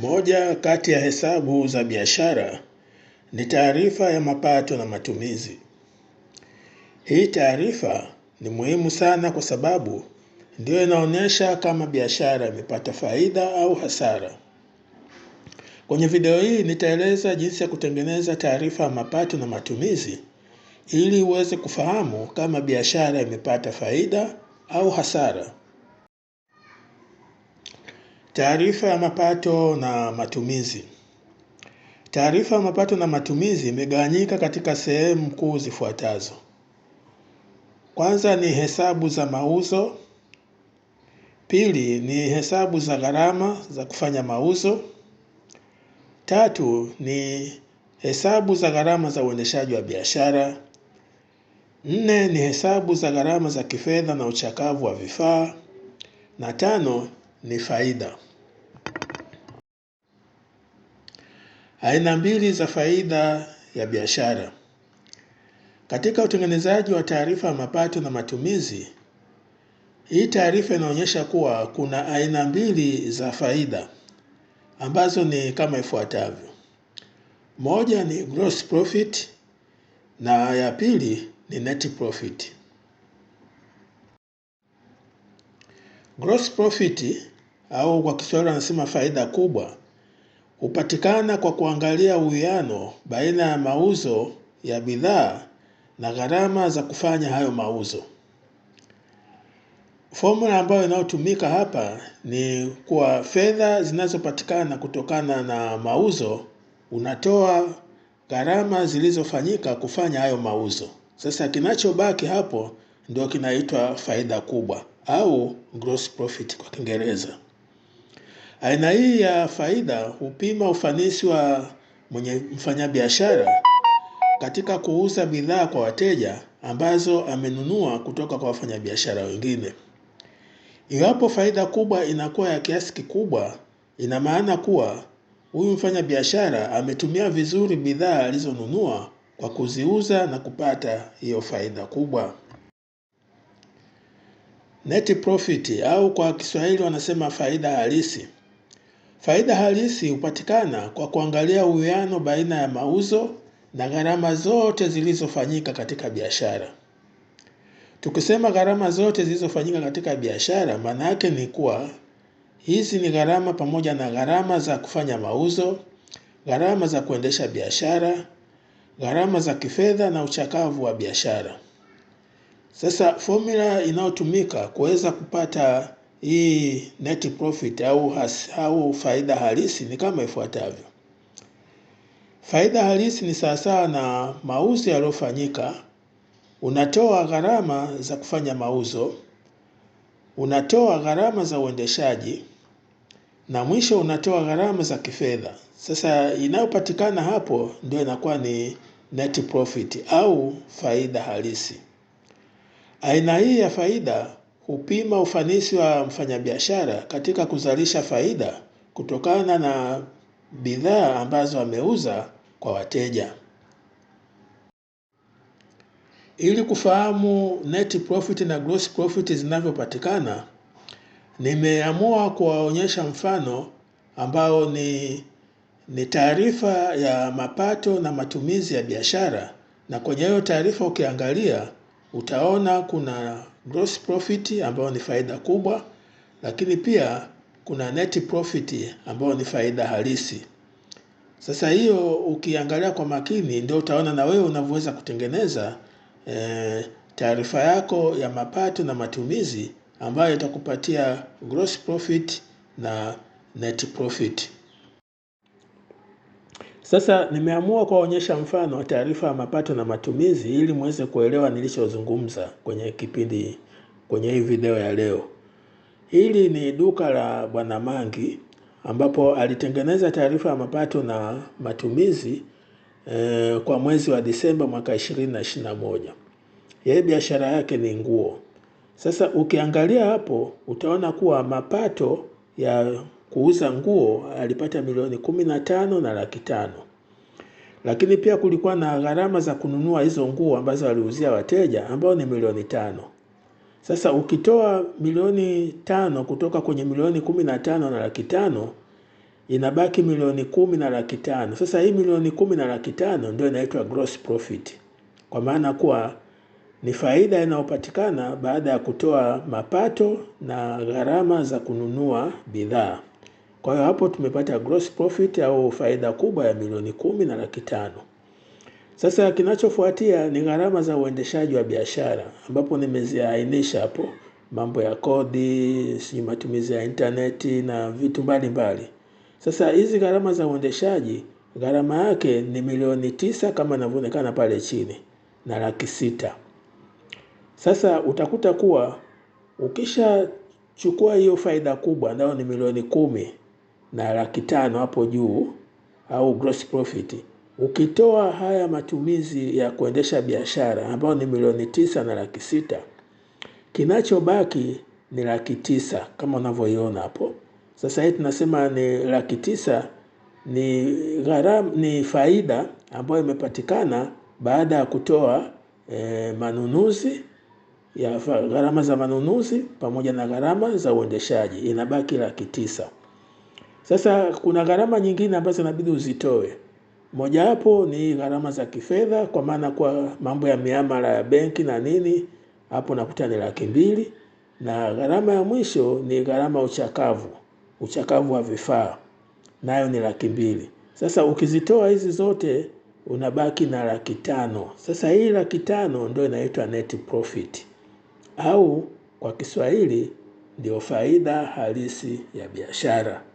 Moja kati ya hesabu za biashara ni taarifa ya mapato na matumizi. Hii taarifa ni muhimu sana kwa sababu ndiyo inaonyesha kama biashara imepata faida au hasara. Kwenye video hii nitaeleza jinsi ya kutengeneza taarifa ya mapato na matumizi ili uweze kufahamu kama biashara imepata faida au hasara. Taarifa ya mapato na matumizi. Taarifa ya mapato na matumizi imegawanyika katika sehemu kuu zifuatazo. Kwanza ni hesabu za mauzo. Pili ni hesabu za gharama za kufanya mauzo. Tatu ni hesabu za gharama za uendeshaji wa biashara. Nne ni hesabu za gharama za kifedha na uchakavu wa vifaa. Na tano ni faida. Aina mbili za faida ya biashara. Katika utengenezaji wa taarifa ya mapato na matumizi, hii taarifa inaonyesha kuwa kuna aina mbili za faida ambazo ni kama ifuatavyo: moja ni gross profit na ya pili ni net profit. Gross profit au kwa Kiswahili wanasema faida kubwa, hupatikana kwa kuangalia uwiano baina ya mauzo ya bidhaa na gharama za kufanya hayo mauzo. Fomula ambayo inayotumika hapa ni kuwa fedha zinazopatikana kutokana na mauzo unatoa gharama zilizofanyika kufanya hayo mauzo. Sasa kinachobaki hapo ndio kinaitwa faida kubwa au gross profit kwa Kiingereza. Aina hii ya faida hupima ufanisi wa mwenye mfanyabiashara katika kuuza bidhaa kwa wateja ambazo amenunua kutoka kwa wafanyabiashara wengine. Iwapo faida kubwa inakuwa ya kiasi kikubwa, ina maana kuwa huyu mfanyabiashara ametumia vizuri bidhaa alizonunua kwa kuziuza na kupata hiyo faida kubwa. Net profit au kwa Kiswahili wanasema faida halisi Faida halisi hupatikana kwa kuangalia uwiano baina ya mauzo na gharama zote zilizofanyika katika biashara. Tukisema gharama zote zilizofanyika katika biashara, maana yake ni kuwa hizi ni gharama pamoja na gharama za kufanya mauzo, gharama za kuendesha biashara, gharama za kifedha na uchakavu wa biashara. Sasa formula inayotumika kuweza kupata hii net profit au, has, au faida halisi ni kama ifuatavyo. Faida halisi ni sawasawa na mauzo yaliyofanyika, unatoa gharama za kufanya mauzo, unatoa gharama za uendeshaji na mwisho unatoa gharama za kifedha. Sasa inayopatikana hapo ndio inakuwa ni net profit au faida halisi. Aina hii ya faida hupima ufanisi wa mfanyabiashara katika kuzalisha faida kutokana na bidhaa ambazo ameuza kwa wateja. Ili kufahamu net profit na gross profit zinavyopatikana, nimeamua kuwaonyesha mfano ambao ni ni taarifa ya mapato na matumizi ya biashara, na kwenye hiyo taarifa ukiangalia utaona kuna gross profit ambayo ni faida kubwa, lakini pia kuna net profit ambayo ni faida halisi. Sasa hiyo ukiangalia kwa makini, ndio utaona na wewe unavyoweza kutengeneza e, taarifa yako ya mapato na matumizi ambayo itakupatia gross profit na net profit. Sasa nimeamua kuwaonyesha mfano wa taarifa ya mapato na matumizi ili muweze kuelewa nilichozungumza kwenye kipindi kwenye hii video ya leo. Hili ni duka la Bwana Mangi ambapo alitengeneza taarifa ya mapato na matumizi eh, kwa mwezi wa Disemba mwaka 2021. Yeye biashara yake ni nguo. Sasa ukiangalia hapo utaona kuwa mapato ya kuuza nguo alipata milioni kumi na tano na laki tano. Lakini pia kulikuwa na gharama za kununua hizo nguo ambazo aliuzia wateja ambao ni milioni tano. Sasa ukitoa milioni tano kutoka kwenye milioni kumi na tano na laki tano inabaki milioni kumi na laki tano. Sasa hii milioni kumi na laki tano ndio inaitwa gross profit, kwa maana kuwa ni faida inayopatikana baada ya kutoa mapato na gharama za kununua bidhaa. Kwa hiyo hapo tumepata gross profit au faida kubwa ya milioni kumi na laki tano. Sasa kinachofuatia ni gharama za uendeshaji wa biashara ambapo nimeziainisha hapo, mambo ya kodi, si matumizi ya intaneti na vitu mbalimbali. Sasa hizi gharama za uendeshaji, gharama yake ni milioni tisa kama inavyoonekana pale chini na laki sita. Sasa utakuta kuwa ukishachukua hiyo faida kubwa ambayo ni milioni kumi na laki tano hapo juu au gross profit. Ukitoa haya matumizi ya kuendesha biashara ambayo ni milioni tisa na laki sita, kinachobaki ni laki tisa kama unavyoiona hapo. Sasa hii tunasema ni laki tisa ni gharam, ni faida ambayo imepatikana baada ya kutoa e, manunuzi ya gharama za manunuzi pamoja na gharama za uendeshaji, inabaki laki tisa. Sasa kuna gharama nyingine ambazo inabidi uzitoe. Mojawapo ni gharama za kifedha, kwa maana kwa mambo ya miamala ya benki na nini, hapo nakuta ni laki mbili. Na gharama ya mwisho ni gharama uchakavu, uchakavu wa vifaa, nayo ni laki mbili. Sasa ukizitoa hizi zote unabaki na laki tano. Sasa hii laki tano ndio inaitwa net profit au kwa Kiswahili ndio faida halisi ya biashara.